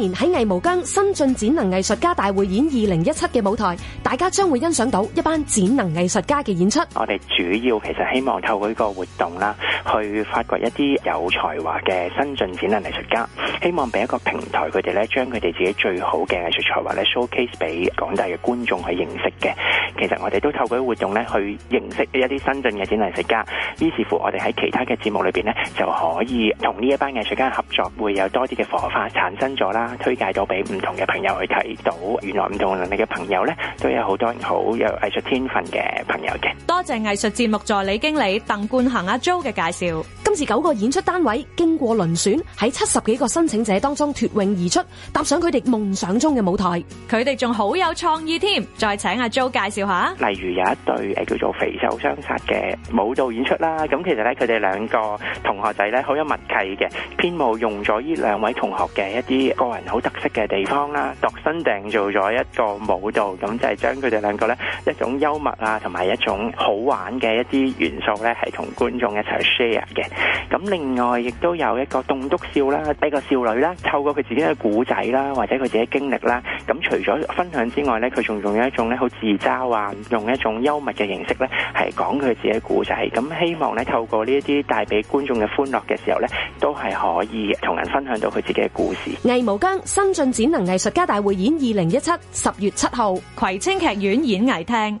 今年喺藝無疆新晉展能藝術家大會演二零一七嘅舞台，大家將會欣賞到一班展能藝術家嘅演出。我哋主要其實希望透過呢個活動啦，去發掘一啲有才華嘅新晉展能藝術家，希望俾一個平台，佢哋咧將佢哋自己最好嘅藝術才華咧 showcase 俾廣大嘅觀眾去認識嘅。其實我哋都透過活動咧，去認識一啲新進嘅展覽藝術家，於是乎我哋喺其他嘅節目裏邊呢就可以同呢一班藝術家合作，會有多啲嘅火花產生咗啦，推介到俾唔同嘅朋友去睇到，原來唔同能力嘅朋友呢都有好多好有藝術天分嘅朋友嘅。多謝藝術節目助理經理鄧冠行阿 Jo 嘅介紹。今次九個演出單位經過輪選，喺七十幾個申請者當中脱穎而出，踏上佢哋夢想中嘅舞台。佢哋仲好有創意添，再請阿 Jo 介紹。例如有一對誒叫做肥瘦相殺嘅舞蹈演出啦，咁其實咧佢哋兩個同學仔咧好有默契嘅，編舞用咗呢兩位同學嘅一啲個人好特色嘅地方啦，度身訂做咗一個舞蹈，咁就係將佢哋兩個咧一種幽默啊同埋一種好玩嘅一啲元素咧，係同觀眾一齊 share 嘅。咁另外亦都有一個棟篤笑啦，一個少女啦，透過佢自己嘅故仔啦或者佢自己嘅經歷啦，咁除咗分享之外咧，佢仲用一種咧好自嘲啊～用一種幽默嘅形式咧，係講佢自己嘅故事，咁希望咧透過呢一啲帶俾觀眾嘅歡樂嘅時候咧，都係可以同人分享到佢自己嘅故事。藝無疆新晉展能藝術家大匯演，二零一七十月七號葵青劇院演藝廳。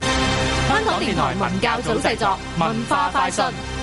香港電台文教組製作，文化快訊。